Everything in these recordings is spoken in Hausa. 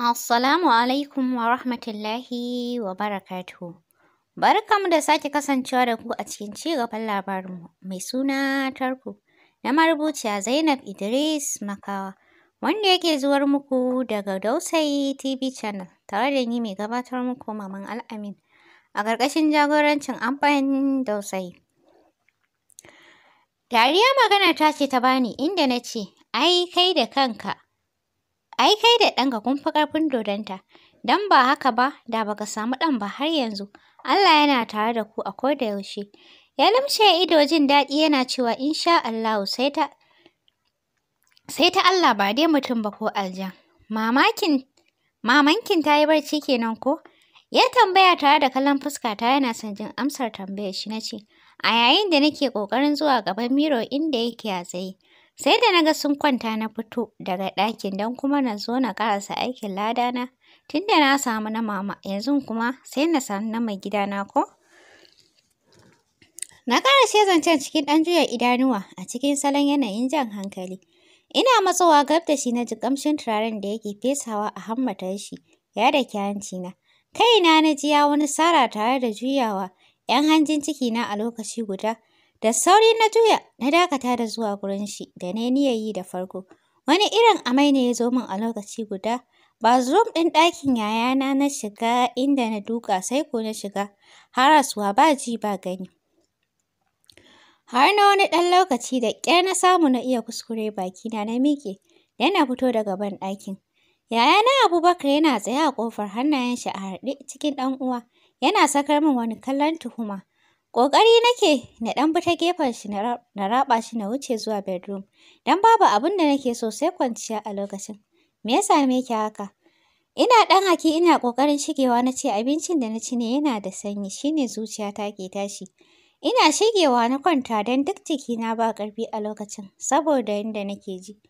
Assalamu alaikum wa rahmatullahi wa barakatuhu. Barkanmu da sake kasancewa da ku a cikin ci gaban labarinmu mai suna Tarku na marubuciya Zainab Idris Makawa wanda yake zuwar muku daga Dausayi TV channel tare da ni mai gabatar muku Maman Al'amin a ƙarƙashin jagorancin amfanin Dausayi. Dariya magana ta ce ta bani inda na ce, ai kai da kanka. ai kai da ɗanka kun fi ƙarfin dodonta, don ba haka ba da baka samu ɗan ba har yanzu, Allah yana tare da ku a ko da yaushe. Ya lamshe ido jin daɗi yana cewa insha Allahu sai ta sai ta Allah ba dai mutum ba ko Alja. Mamakin mamankin ta yi barci kenan ko? Ya tambaya tare da kallon fuska ta yana son jin amsar tambayar shi na ce, a yayin da nake ƙoƙarin zuwa gaban miro inda yake a tsaye, Sai da na ga sun kwanta na fito daga ɗakin don kuma na zo na ƙarasa aikin ladana. Tun da na samu na mama, yanzu kuma sai na samu na mai gidana ko? Na ƙarashe zancen cikin ɗan juya idanuwa a cikin salon yanayin jan hankali. Ina matsowa gab da shi na ji ƙamshin turaren da yake fesawa a hammatar shi, ya da na. Kaina na ji ya wani sara tare da juyawa, ‘yan hanjin ciki na a lokaci guda. Da sauri na juya na dakata da zuwa gurin shi da ne niyyar yi da farko. Wani irin amai ne ya zo min a lokaci guda. Ba zoom ɗin ɗakin yayana na shiga inda na duka sai ko na shiga harasuwa ba ji ba gani. Har na wani ɗan lokaci da ƙyar na samu na iya kuskure bakina na miƙe yana fito daga ban ɗakin. Yayana Abubakar yana tsaye a ƙofar hannayen shi a harɗe cikin ɗan uwa yana sakar min wani kallon tuhuma. Ƙoƙari nake na ɗan bi ta gefen shi na raɓa shi na wuce zuwa bedroom, don babu abin da nake so sai kwanciya a lokacin. Me yasa same ki haka? Ina ɗan haki ina ƙoƙarin shigewa na ce abincin da na ci ne yana da sanyi shi shine zuciyata ke tashi. Ina shigewa na kwanta don duk jikina ba ƙarfi a lokacin saboda yadda nake ji.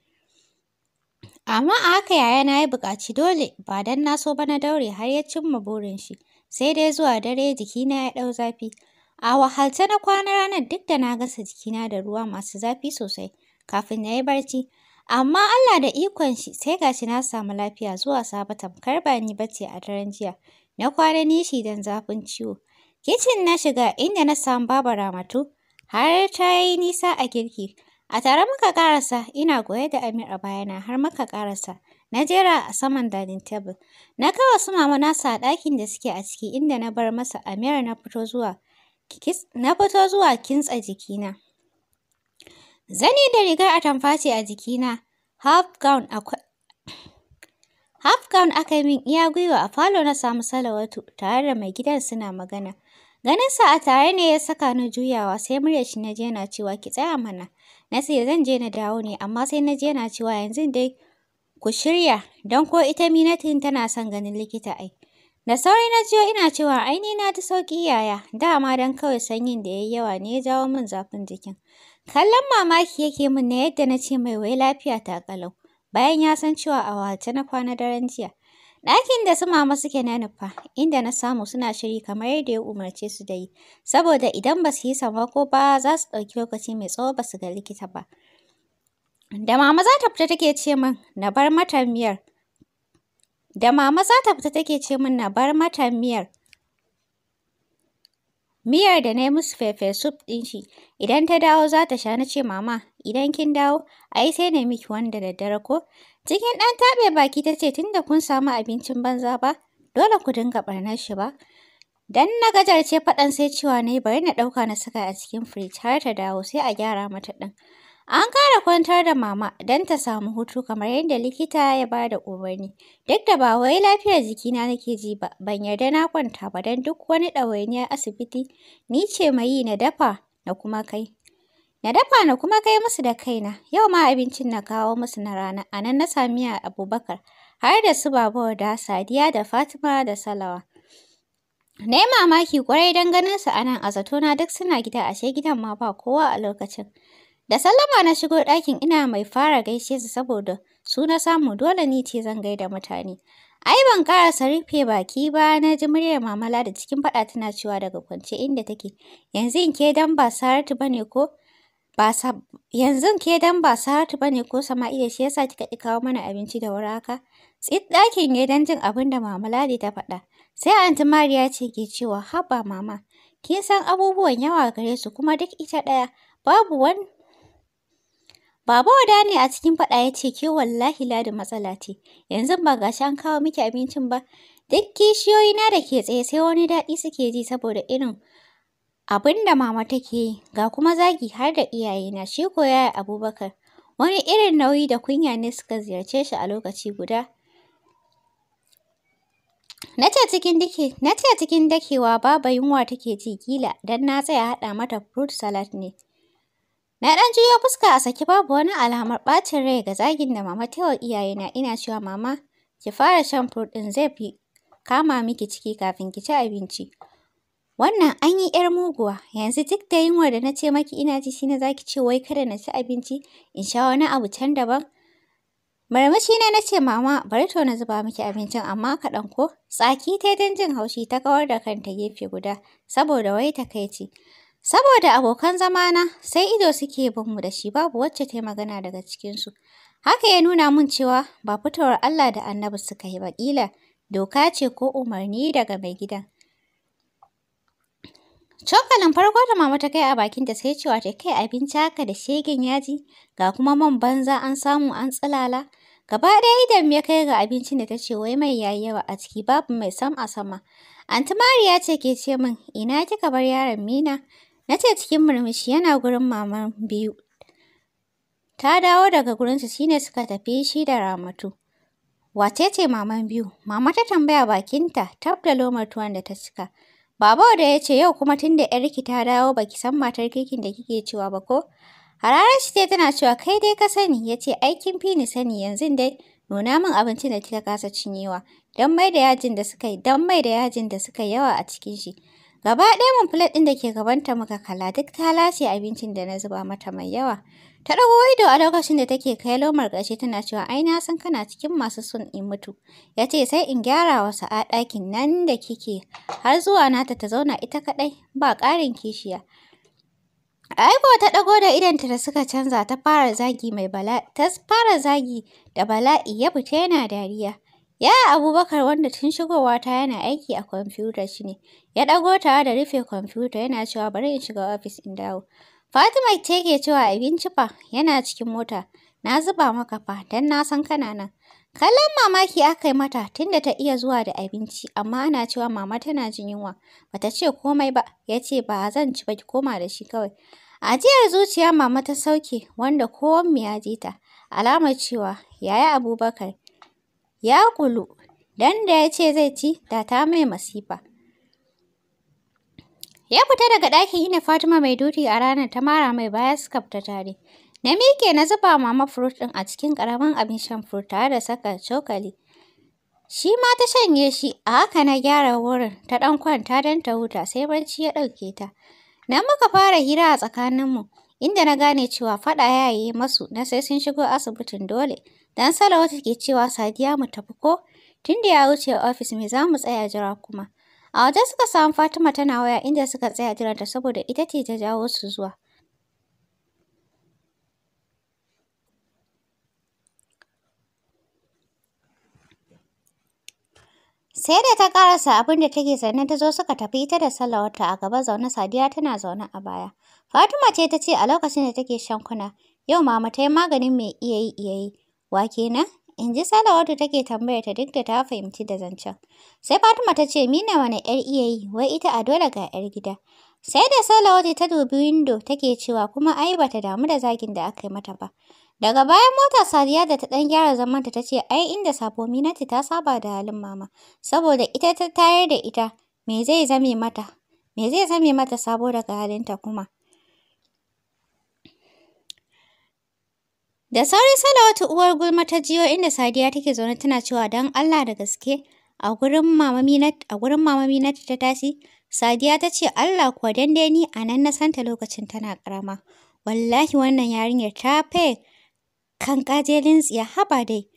Amma a haka yayana ya buƙaci dole ba don na so ba na daure har ya cimma burin shi, sai dai zuwa dare jikina ya ɗau zafi. A wahalce na kwana ranar duk da na gasa jikina da ruwa masu zafi sosai kafin na yi barci. Amma Allah da ikon shi sai gashi na samu lafiya zuwa sabo tamkar ba ni bace a daren jiya. Na kwana nishi don zafin ciwo. Kicin na shiga inda na samu Baba Ramatu har ta yi nisa a girki. A tare muka karasa ina goye da Amir a bayana har muka karasa. Na jera a saman dining table. Na kawo su mama nasa a ɗakin da suke a ciki inda na bar masa Amir na fito zuwa na fito zuwa kintsa jikina. Zani da rigar atamfaci a jikina, half gown Half gown min iya gwiwa a falo na samu salawatu tare da mai gidan suna magana. sa a tare ne ya saka ni juyawa sai muryar shi na je na cewa ki tsaya mana. Na ce zan je na dawo ne amma sai na je na cewa yanzu dai ku shirya don ko ita minatin tana son ganin likita ai. Da sauri na jiyo ina cewa ai ni na ta sauƙi yaya, dama don kawai sanyin da ya yi yawa ne ya jawo min zafin jikin. Kallon mamaki yake mun na yadda na ce mai wai lafiya ta kalau bayan ya san cewa a wace na kwana daren jiya. Ɗakin da su mama suke na nufa, inda na samu suna shiri kamar yadda ya umarce su da yi, saboda idan ba su yi sammako ba za su ɗauki lokaci mai tsawo ba su ga likita ba. Da mama za ta fita take ce min na bar mata miyar. Da mama za ta fita take ce min na bar mata miyar. Miyar da na yi musu fefe soup ɗin shi, idan ta dawo za ta sha na ce mama, idan kin dawo, ai sai na miki wanda daddare ko? Cikin ɗan taɓe baki ta ce tunda kun samu abincin banza ba, dole ku dinga ɓarnar shi ba. Dan na gajarce faɗan sai cewa na yi bari na ɗauka na saka a cikin firij har ta dawo sai a gyara mata ɗin. An kara kwantar da mama don ta samu hutu kamar yadda likita ya ba da umarni. Duk da ba wai lafiyar jikina nake ji ba, ban yarda na kwanta ba don duk wani ɗawainiyar asibiti ni ce mai yi na dafa na kuma kai. Na dafa na kuma kai musu da kaina, yau ma abincin na kawo musu na rana, a nan na sami Abubakar, har da su babu da Sadiya da Fatima da Salawa. Na yi mamaki kwarai don ganin su a nan a zatona duk suna gida ashe gidan ma ba kowa a lokacin. Da sallama na shigo ɗakin ina mai fara gaishe su saboda su na samu dole ni ce zan gaida mutane. Ai ban ƙarasa rufe baki ba na ji muryar mamala da cikin faɗa tana cewa daga kwance inda take. Yanzu in ke dan ba Saratu bane ko ba yanzu ke dan ba Saratu bane ko Sama'ila shi yasa kika ki kawo mana abinci da wuri haka? Tsit ɗakin ya dan jin abin da mama Ladi ta faɗa. Sai Aunty Mariya ce ke cewa haba mama kin san abubuwan yawa gare su kuma duk ita ɗaya babu wani Baba wada ne a cikin faɗa ya ce ke wallahi ladin matsala ce, yanzu ba ga shi an kawo miki abincin ba, duk kishiyoyi na da ke tsaye sai wani daɗi suke ji saboda irin abin da mama take yi, ga kuma zagi har da iyayena shi ko yaya Abubakar. Wani irin nauyi da kunya ne suka ziyarce shi a lokaci guda. Na ce cikin dakewa baba yunwa take ji kila don na tsaya haɗa mata fruit salad ne. Na ɗan juyo fuska a saki babu wani alamar ɓacin rai ga zagin da mama ta wa iyayena ina cewa mama ki fara shan fruit ɗin zai fi kama miki ciki kafin ki ci abinci. Wannan an yi ƴar muguwa, yanzu duk da yunwar da na ce maki ina ji shi ne za ki ce wai kada na ci abinci in sha wani abu can daban. Marmashi ne na ce mama bari to na zuba miki abincin amma kaɗan ko? Tsaki ta don jin haushi ta kawar da kanta gefe guda saboda wai takaici. Saboda abokan zamana sai ido suke binmu da shi babu wacce ta yi magana daga cikinsu. Haka ya nuna mun cewa ba fitowar Allah da annabi suka yi ba ƙila doka ce ko umarni daga mai gidan. Cokalin farko da mama ta kai a bakin bakinta sai cewa ta kai abinci haka da shegen yaji ga kuma man banza an samu an tsilala. Gaba ɗaya idan ya kai ga abincin da ta ce wai mai yayi yawa a ciki babu mai sam a sama. Anti Mariya ce ke ce min ina kika bar yaron Mina Na ce cikin murmushi yana gurin maman biyu. Ta dawo daga gurinsu shine suka tafi shi da Ramatu. Wace ce maman biyu? Mama ta tambaya bakinta tab da lomar tuwon da ta cika. Baba da ya ce yau kuma tun da ‘yarki ta dawo baki san matar kirkin da kike cewa ba ko? ranar shi ce tana cewa kai dai ka sani ya ce aikin fi ni sani yanzu dai nuna min abincin da kika kasa cinyewa don mai da yajin da suka don mai da yajin da suka yawa a cikin shi. Gaba ɗaya mun plate ɗin da ke gabanta muka kala duk ta lashe abincin da na zuba mata mai yawa. Ta ɗago ido a lokacin da take kai lomar ƙarshe tana cewa ai na san kana cikin masu son in mutu. Ya ce sai in gyara wa sa'a ɗakin nan da kike har zuwa nata ta zauna ita kaɗai ba ƙarin kishiya. Aiko ta ɗago da idanta da suka canza ta fara zagi mai bala ta fara zagi da bala'i ya fita yana dariya. Ya Abubakar wanda tun shigowa ta yana aiki a kwamfutar shi ne. Ya ɗago tare da rufe kwamfuta yana cewa bari in shiga ofis in dawo. Fatima ce ke cewa abinci fa yana cikin mota. Na zuba maka fa don na san kana nan. Kallon mamaki aka yi mata tunda ta iya zuwa da abinci amma ana cewa mama tana jin yunwa. Bata ce komai ba ya ce ba zan ci ba ki koma da shi kawai. Ajiyar zuciya mama ta sauke wanda mu ya ji ta. Alamar cewa yaya Abubakar ya kulu dan da ya ce zai ci da ta mai masifa. Ya fita daga ɗakin ina Fatima mai duti a ranar ta mara mai baya suka fita tare. Na miƙe na zuba mama furut ɗin a cikin ƙaramin abin shan furut tare da saka cokali. Shi ma ta shanye shi, a haka na gyara wurin ta ɗan kwanta don ta huta sai barci ya ɗauke ta. Na muka fara hira a tsakaninmu, inda na gane cewa faɗa ya yi masu na sai sun shigo asibitin dole. Dan Salawatu ke cewa Sadiya mu tafi ko? Tunda ya wuce ofis me za mu tsaya jira kuma? A wajen suka samu Fatima tana waya inda suka tsaya ta saboda ita ce ta jawo su zuwa. Sai da ta karasa abin da take sannan ta zo suka tafi ita da sallawarta a gaba zaune Sadiya tana zaune a baya. Fatima ce ta ce a lokacin da take shankuna yau mama ta yi maganin mai iyayi-iyayi iya Wa kenan? In ji Salawatu take tambaya ta duk da ta fahimci da zancen. Sai Fatima ta ce Mina wani ‘yar iya yi, wai ita a dole ga ‘yar gida. Sai da Salawatu ta dubi windo take cewa kuma ai bata damu da zagin da aka yi mata ba. Daga bayan mota Sadiya da ta ɗan gyara zamanta ta ce ai inda sabo Minati ta saba da halin mama, saboda ita ta tayar da ita, me zai zame mata? Me zai zame mata sabo daga halinta kuma? Da sauri wata uwar gulma ta jiyo inda Sadiya take zaune tana cewa dan Allah da gaske a gurin mama Minat ta tashi Sadiya ta ce Allah kuwa dan ni a nan na santa lokacin tana karama. Wallahi wannan yarinyar ta fe kan kajelin tsiya haba dai.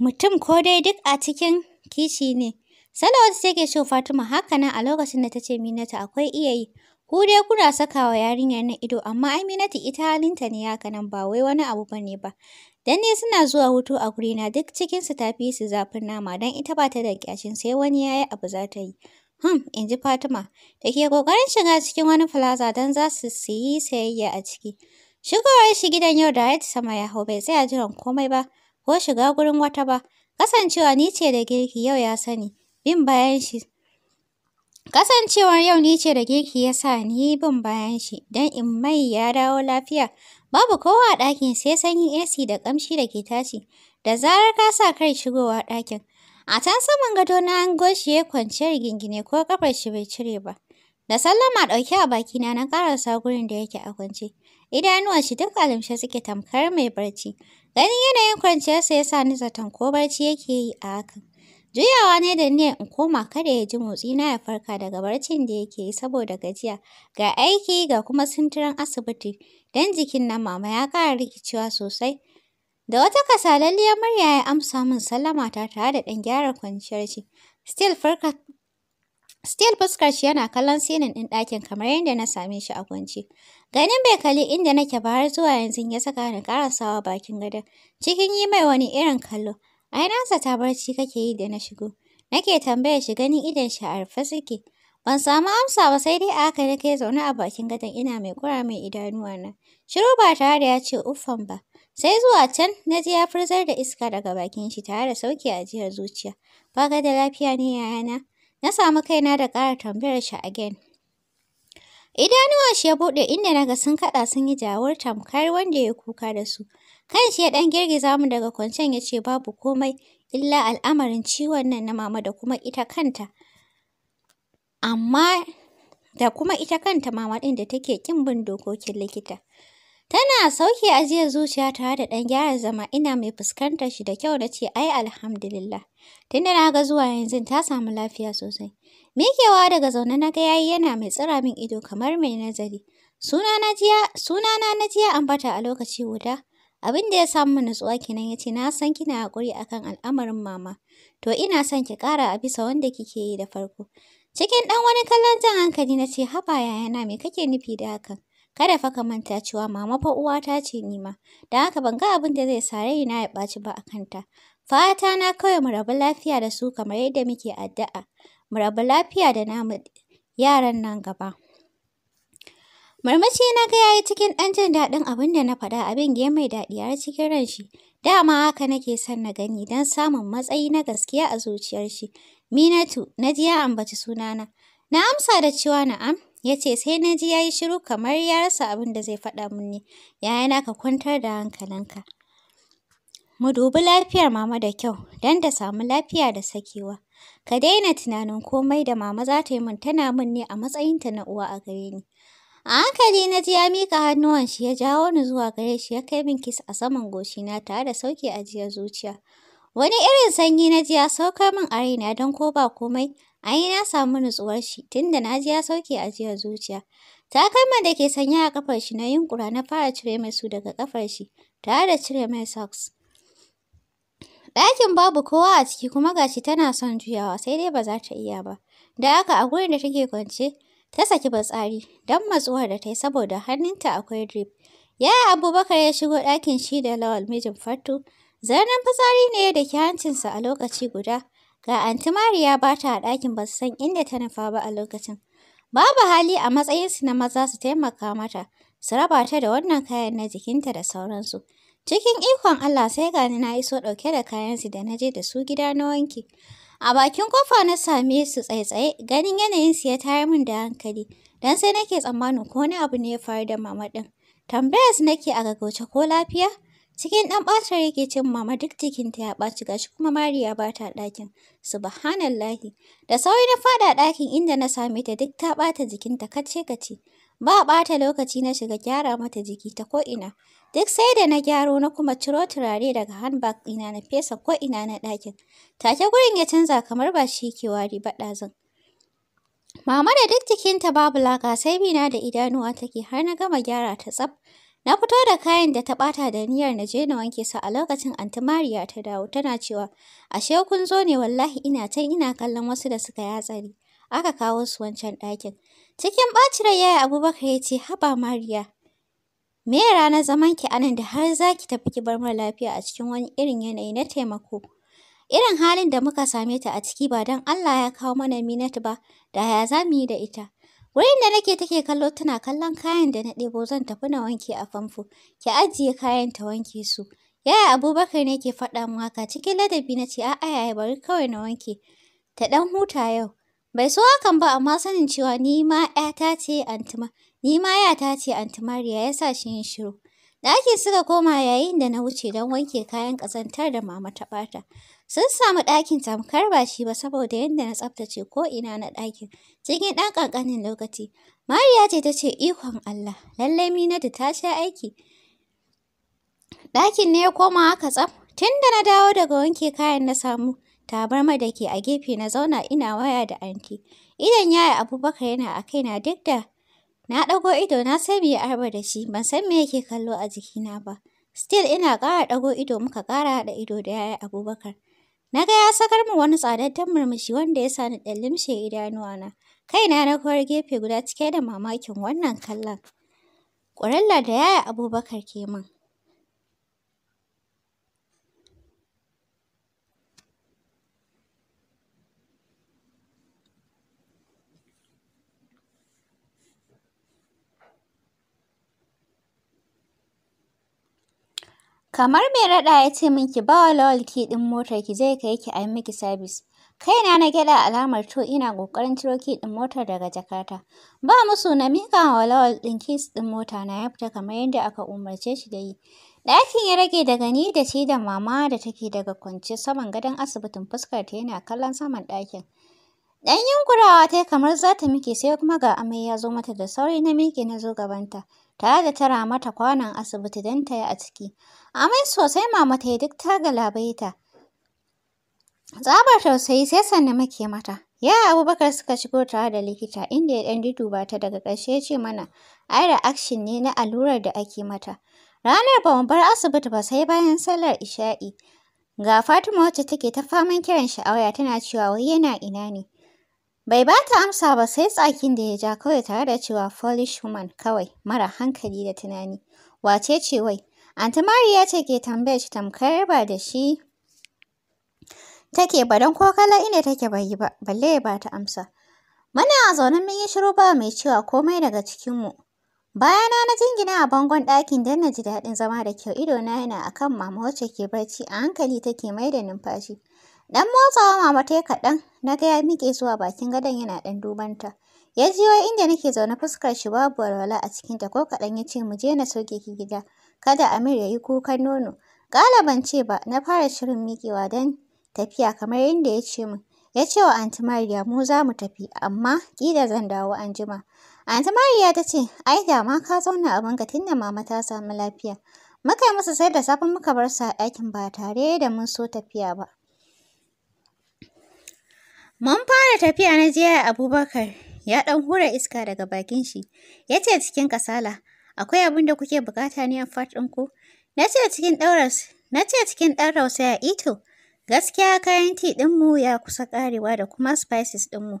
Mutum ko dai duk a cikin kishi ne. Salawatu take so Fatima haka nan a lokacin da ta ce Minatu akwai iyayi. Ku dai kuna sakawa yarinyar na ido amma Aminatu ita halinta ne haka nan ba wai wani abu bane ba. Dan ne suna zuwa hutu a gurina duk cikinsu ta fi su zafin nama dan ita ba ta da kyashin sai wani ya yi abu za ta yi. Hmm, in ji Fatima, da ke ƙoƙarin shiga cikin wani plaza don za su yi sayayya a ciki. Shigowar shi gidan yau da sama ya hau bai tsaya jiran komai ba, ko shiga gurin wata ba. Kasancewa ni ce da girki yau ya sani, bin bayan shi Kasancewar yau ni ce da girki ya sa ni bin bayan shi, don in mai ya dawo lafiya. Babu kowa a ɗakin sai sanyin AC da ƙamshi da ke tashi, da zarar ka sa kai shigowa ɗakin. A can saman gado na an shi ya kwance rigingine ko ƙafar shi bai cire ba. Da sallama ɗauke a bakina na ƙarasa gurin da yake a kwance. Idanuwan shi duk alimshe suke tamkar mai barci. Ganin yanayin kwanciyarsa ya sa ni zaton ko barci yake yi a hakan. Juyawa ne da niyyar in koma kada ya ji motsi na ya farka daga barcin da yake yi saboda gajiya ga aiki ga kuma sintirin asibiti don jikin na mama ya ƙara rikicewa sosai. Da wata kasalalliyar murya ya amsa min sallama ta tare da ɗan gyara kwanciyar shi. Still fuskar shi yana kallon sinin ɗin ɗakin kamar yadda na same shi a kwance. Ganin bai kalli inda nake ba har zuwa yanzu ya saka ni karasawa bakin gadon. Cikin yi mai wani irin kallo. Ai na ta barci kake yi da na shigo. Nake tambayar shi ganin idan shi a rufe suke. Ban samu amsa ba sai dai a haka na kai zaune a bakin gadon ina mai kura mai idanuwa na. Shiru ba tare da ya ce uffan ba. Sai zuwa can na ji ya furzar da iska daga bakin shi tare da sauki a jihar zuciya. Ba ga da lafiya ne yayana. Na samu kaina da ƙara tambayar shi a again. Idanuwa shi ya buɗe inda na sun kaɗa sun yi jawar tamkar wanda ya kuka da su. Kan shi ya ɗan girgiza mu daga kwancen ya ce babu komai illa al'amarin ciwon nan na mama da kuma ita kanta. Amma da kuma ita kanta mama ɗin da take ƙin bin dokokin likita. Tana sauke ajiyar zuciya tare da ɗan gyara zama ina mai fuskantar shi da kyau na ce ai alhamdulillah. Tunda na ga zuwa yanzu ta samu lafiya sosai. Mikewa daga zaune na ga yayi yana mai tsira min ido kamar mai nazari. Sunana na jiya ambata a lokaci guda. Abin da ya samu nutsuwa kenan ya ce, na san kina hakuri akan al'amarin mama, to ina son ki kara a bisa wanda kike yi da farko. Cikin ɗan wani kallon jan hankali na ce, haba yayana me kake nufi da hakan? Kada fa ka manta cewa mama fa uwata ce ni ma, dan haka ban ga abin da zai ni na ya baci ba a kanta. Fata na kawai mu rabu lafiya da su kamar yadda muke addu'a, mu rabu lafiya da namu yaran nan gaba. Marmaci na ga yayi cikin ɗan jin daɗin abin da na faɗa abin ya mai daɗi har cikin ran shi. Dama haka nake son na gani don samun matsayi na gaskiya a zuciyar shi. Minatu, na ji ya ambaci sunana. Na amsa da cewa na'am, ya ce sai na ji ya yi shiru kamar ya rasa abin da zai faɗa min ne. na ka kwantar da hankalinka. Mu dubi lafiyar mama da kyau don ta samu lafiya da sakewa. Ka daina tunanin komai da mama za ta yi min tana min ne a matsayinta na uwa a gare ni. A hankali na ji ya miƙa hannuwan shi ya jawo ni zuwa gare shi ya kai min kis a saman goshina tare da sauke jiya zuciya. Wani irin sanyi na ji ya saukar min a raina don ko ba komai, ai na samu nutsuwar shi tunda na ji ya sauke ajiyar zuciya. Takalman da ke sanya a kafar shi na yunƙura na fara cire mai su daga kafar shi tare da cire mai socks. Ɗakin babu kowa a ciki kuma gashi tana son juyawa sai dai ba za ta iya ba. Da haka a gurin da take kwance, Ta saki batsari don matsuwar da ta yi saboda hannunta akwai drip. Yaya Abubakar ya shigo ɗakin shi da Lawal mijin Fattu. Zarnan batsari ne da ke hancinsa a lokaci guda. Ga Anti Mariya ba ta a ɗakin ba san inda ta nufa ba a lokacin. Babu hali a matsayinsu na maza su taimaka mata, su raba ta da wannan kayan na jikinta da sauransu. Cikin ikon Allah sai gani na iso ɗauke da kayansu da na je da su gida na wanki. A bakin kofa na same su tsaye-tsaye, ganin yanayinsu ya tayar min da hankali, don sai nake tsammanin ko wani abu ne ya faru da mama ɗin. Tambayar su nake a gaggauce ko lafiya? Cikin ɗan ɓatar rike cin mama duk jikinta ya ɓaci gashi kuma Mariya ba ta ɗakin. Subhanallahi. Da sauri na faɗa ɗakin inda na same ta duk ta ɓata jikinta kace-kace. Ba ɓata lokaci na shiga gyara mata jiki ta ko'ina. Duk sai da na gyaro na kuma ciro turare daga handbag ina na fesa ko'ina na ɗakin. Take gurin ya canza kamar ba shi ke wari ba ɗazun. Mama da duk jikinta babu laka sai bina da idanuwa take har na gama gyara ta tsaf. Na fito da kayan da ta ɓata da niyyar na je na wanke su a lokacin Anti Mariya ta dawo tana cewa, ashe kun zo ne wallahi ina can ina kallon wasu da suka yatsari. hatsari. aka kawo su wancan ɗakin. Cikin ɓacin rai yaya Abubakar ya ce, haba Mariya, me ya ranar zaman ki anan da har za ki tafi ki bar mara lafiya a cikin wani irin yanayi na taimako. Irin halin da muka same ta a ciki ba don Allah ya kawo mana minat ba, da ya za mu yi da ita. Wurin da nake take kallo tana kallon kayan da na ɗebo zan tafi na wanke a famfo, ki ajiye kayan ta wanke su. Yaya Abubakar ne ke faɗa mu haka cikin ladabi na ce a'a yaya bari kawai na wanke. Ta ɗan huta yau. Bai so hakan ba amma sanin cewa ni ma ‘yata ce Antima, ni ma ‘yata ce Antimariya ya sa shi yin shiru. Ɗakin suka koma yayin da na wuce don wanke kayan ƙazantar da mama ta ɓata. Sun samu ɗakin tamkar ba shi ba saboda yadda na tsaftace ina na ɗakin cikin ɗan ƙanƙanin lokaci. Mariya ce ta ce ikon Allah, lallai Minatu ta sha aiki. Ɗakin ne ya koma haka tsaf. Tun da na dawo daga wanke kayan na samu tabarma da ke a gefe na zauna ina waya da anti. Idan yaya Abubakar yana a kaina duk da na ɗago ido na sai me ya arba da shi ban san me yake kallo a jikina ba. Still ina ƙara ɗago ido muka ƙara haɗa ido da yaya Abubakar. Na ga ya sakar mu wani tsadaddan murmushi wanda ya sa ni ɗan limshe idanuwana. Kaina na kawar gefe guda cike da mamakin wannan kallon. Ƙurallar da yaya Abubakar ke min. Kamar mai raɗa ya ce min ki ba wa Lawal ki ɗin motar ki zai kai ki a miki sabis. Kaina na gyaɗa alamar to ina ƙoƙarin ciro ki ɗin motar daga jakarta. Ba musu na mika wa Lawal ɗin kis ɗin mota na ya fita kamar yadda aka umarce shi da yi. Ɗakin ya rage daga ni da shi da mama da take daga kwance saman gadon asibitin fuskar ta yana kallon saman ɗakin. Ɗan yunkurawa ta yi kamar za ta miƙe sai kuma ga amai ya zo mata da sauri na miƙe na zo gabanta. Tare da tara mata kwanon asibiti don ta yi a ciki. Amai sosai mama ta yi duk ta galabaita. Tsabar tausayi sai sanna muke mata. Ya Abubakar suka shigo tare da likita inda ya ɗan duduba ta daga ƙarshe ya ce mana ai reaction ne na allurar da ake mata. Ranar ba mu bar asibiti ba sai bayan sallar isha'i. Ga Fatima wacce take ta faman kiran sha'awa a tana cewa wai yana ina ne. Bai ba ta amsa ba sai tsakin da ya ja kawai tare da cewa Polish woman kawai mara hankali da tunani. Wace ce wai? Anti Maria ce ke tambayar shi tamkar ba da shi take ba don ko kala inda take bai yi ba balle ya ba ta amsa. Muna zaune mun yi shiru ba mai cewa komai daga cikinmu. Bayana na jingina a bangon ɗakin don na ji daɗin zama da kyau ido na yana akan mama wacce ke barci a hankali take mai da numfashi. Dan motsawa mama ta kaɗan, na ga ya miƙe zuwa bakin gadon yana ɗan dubanta. Ya jiyo inda nake zaune fuskar shi babu walwala a cikinta ko kaɗan ya ce mu je na soke ki gida. Kada Amir ya yi kukan nono. Galaban ce ba, na fara shirin miƙewa don tafiya kamar yadda ya ce min. Ya ce wa Aunty Mariya mu za mu tafi, amma ƙila zan dawo an jima. Aunty Mariya ta ce, ai da ma ka zauna a tun tunda mama ta samu lafiya. Muka yi musu sai da safe muka bar su a ɗakin ba tare da mun so tafiya ba. Mun fara tafiya na je Abubakar ya ɗan hura iska daga bakin shi. Ya ce cikin kasala, akwai abin da kuke bukata ne a fat ɗinku? Na ce cikin ɗauras, na ce cikin ɗan rausaya ito. Eh gaskiya kayan ti ɗinmu ya kusa ƙarewa da kuma spices ɗinmu.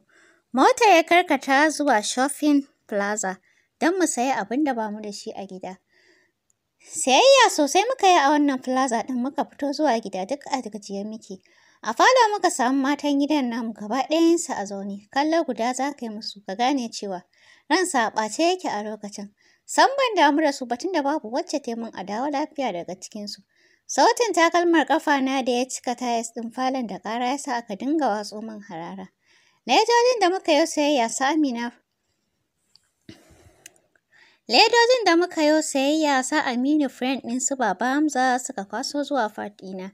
Mota ya karkata zuwa shopping plaza don mu sayi abin da ba mu da shi a gida. Sayayya sosai muka yi a wannan plaza ɗin muka fito zuwa gida duk a gajiyar muke. A fada muka samu matan gidan namu gaba ɗayansu a zaune, kallo guda za ka yi musu ka gane cewa ransa a ɓace yake a lokacin. San ban damu da su batun da babu wacce ta min a dawo lafiya daga cikinsu. Sautin takalmar kafa na da ya cika tayas ɗin falon da ƙara ya sa aka dinga watso min harara. Ledojin da muka yi sayayya su Amina Ledojin da muka yi sayayya sa Aminu friend ɗin su Baba Hamza suka kwaso zuwa fat ɗina.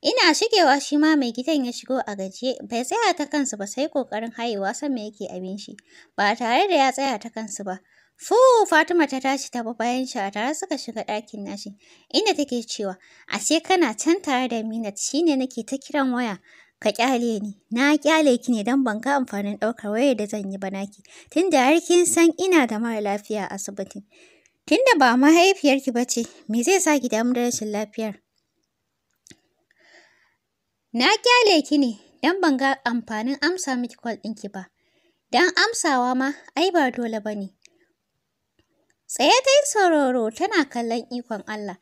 Ina shigewa shi ma mai gidan ya shigo a gajiye, bai tsaya ta kansu ba sai ƙoƙarin hayewa sama yake abin shi, ba tare da ya tsaya ta kansu ba. Fu Fatima ta tashi ta bayan shi a tare suka shiga ɗakin nashi, inda take cewa, ashe kana can tare da Minat shine nake ta kiran waya. Ka kyale ni, na kyale ki ne don ban ga amfanin ɗaukar wayar da zan yi ba naki, tunda har kin san ina da mara lafiya a asibiti. Tunda ba mahaifiyarki ba ce, me zai sa ki damu da rashin lafiyar? Na kyale ki ne don ban ga amfanin amsa miki kwal ɗinki ba, don amsawa ma ai ba dole ba ne. Tsaye ta yi sororo tana kallon ikon Allah.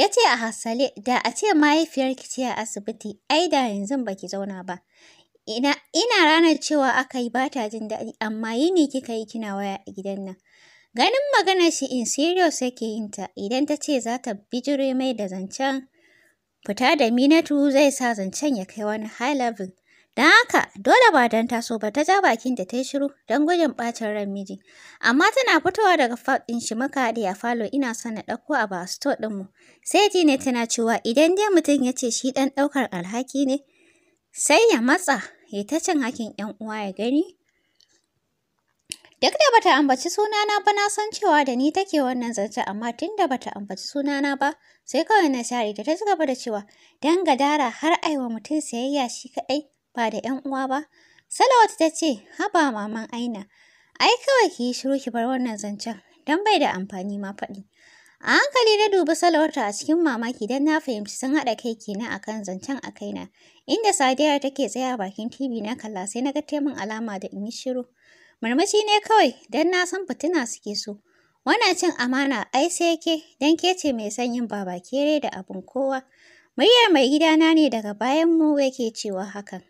Ya ce a hasale, da a ce mahaifiyarki ce a asibiti, ai da yanzu ba ki zauna ba. Ina, ranar cewa aka yi ba ta jin daɗi, amma yini kika yi kina waya a gidan nan. Ganin maganar shi in serious yake yinta idan ta ce za ta bijire mai da zancen Fita da Minatu zai sa zancen ya kai wani high level. Don haka, dole ba don taso ba ta ja bakin da ta yi shiru don gudun ɓacin ran miji. Amma tana fitowa daga faɗin shi muka haɗe a falo ina son na ɗauko a ba sto ɗinmu. Sai ji ne tana cewa idan dai mutum ya ce shi ɗan ɗaukar alhaki ne, sai ya matsa ya ta cin hakin ‘yan uwa ya gani Duk da bata ambaci sunana ba na san cewa da ni take wannan zance amma tun da bata ambaci sunana ba sai kawai na share ta ta ci gaba da cewa dan gadara har aiwa mutum sayayya shi kaɗai ba da ƴan uwa ba. Salawatu ta ce haba maman aina ai kawai ki yi shiru ki bar wannan zancen dan bai da amfani ma faɗi. A hankali na dubi salawatu a cikin mamaki don na fahimci sun haɗa kai kenan akan zancen a kaina. Inda Sadiya take tsaya bakin TV na kalla sai na ga taimun alama da in yi shiru. Murmushi ne kawai, don na san fitina suke so. Wannan cin amana ai sai ke, don ke ce mai son yin baba kere da abin kowa. Muryar mai gidana ne daga bayan mu yake cewa hakan.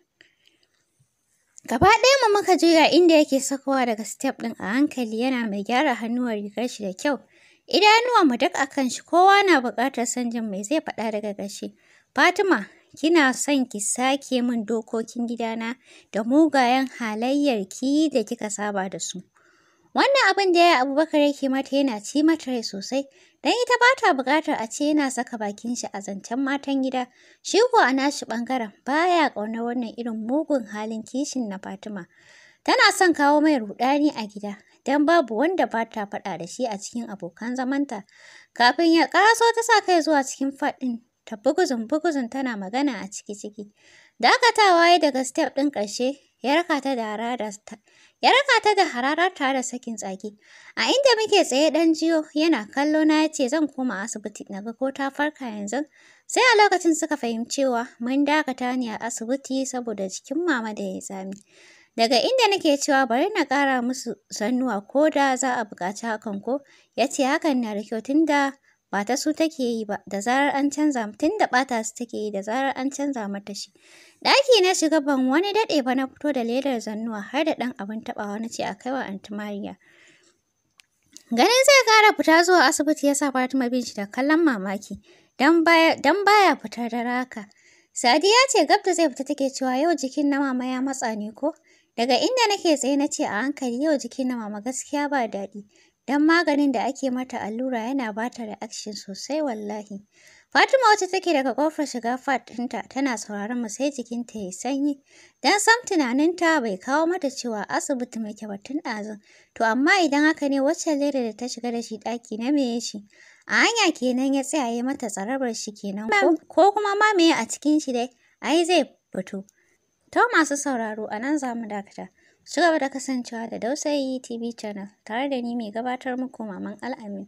Gaba ɗaya mu muka juya inda yake sakowa daga step ɗin a hankali yana mai gyara hannuwar rigar shi da kyau. Idanuwa mu duk kan shi kowa na buƙatar son jin mai zai faɗa daga gashi. Fatima, kina son ki sake min dokokin gidana da mugayen halayyar ki da kika saba da su. Wannan abin da ya Abubakar yake mata yana ci mata rai sosai, don ita ba ta buƙatar a ce yana saka bakin shi a zancen matan gida, shi ko a nashi ɓangaren baya ƙauna wannan irin mugun halin kishin na Fatima. Tana son kawo mai ruɗani a gida, don babu wanda ba ta faɗa da shi a cikin abokan zamanta. Kafin ya ƙaraso ta sa kai zuwa cikin faɗin tabbuguzun buguzun tana magana a ciki ciki. Dakatawa ya daga step ɗin ƙarshe ya raka ta da hararar tare da sakin tsaki. A inda muke tsaye ɗan jiyo yana kallo na ya ce zan koma asibiti na ga ko ta farka yanzu. Sai a lokacin suka fahimcewa mun dakata ne a asibiti saboda jikin mama da ya tsami. Daga inda nake cewa bari na ƙara musu sannuwa ko da za a buƙaci hakan ko ya ce hakan na da kyau tunda ba ta su take yi ba da zarar an canza tun da ɓata su take yi da zarar an canza mata shi ɗaki na shiga ban wani daɗe ba na fito da ledar zannuwa har da ɗan abin taɓa na ce a kai wa anti mariya ganin zai ƙara fita zuwa asibiti ya sa fatima bin shi da kallon mamaki dan baya fitar da raka sadiya ce gab zai fita take cewa yau jikin na mama ya matsa ne ko daga inda nake tsaye na ce a hankali yau jikin na mama gaskiya ba daɗi Dan maganin da ake mata allura yana bata ta reaction sosai wallahi. Fatima wacce take daga kofar shiga fat ɗinta tana sauraron mu sai jikinta ya sanyi. Dan sam tunanin ta bai kawo mata cewa asibiti muke ba tun ɗazun. To amma idan haka ne wacce leda da ta shiga da shi ɗaki na meye shi? A hanya kenan ya tsaya tsayaye mata tsarabar shi kenan ko kuma ma meye a cikin shi dai ai zai fito. To masu sauraro a nan za mu dakata. Su gaba da kasancewa da Dausayi TV Channel tare da ni mai gabatar muku Maman Al'amin.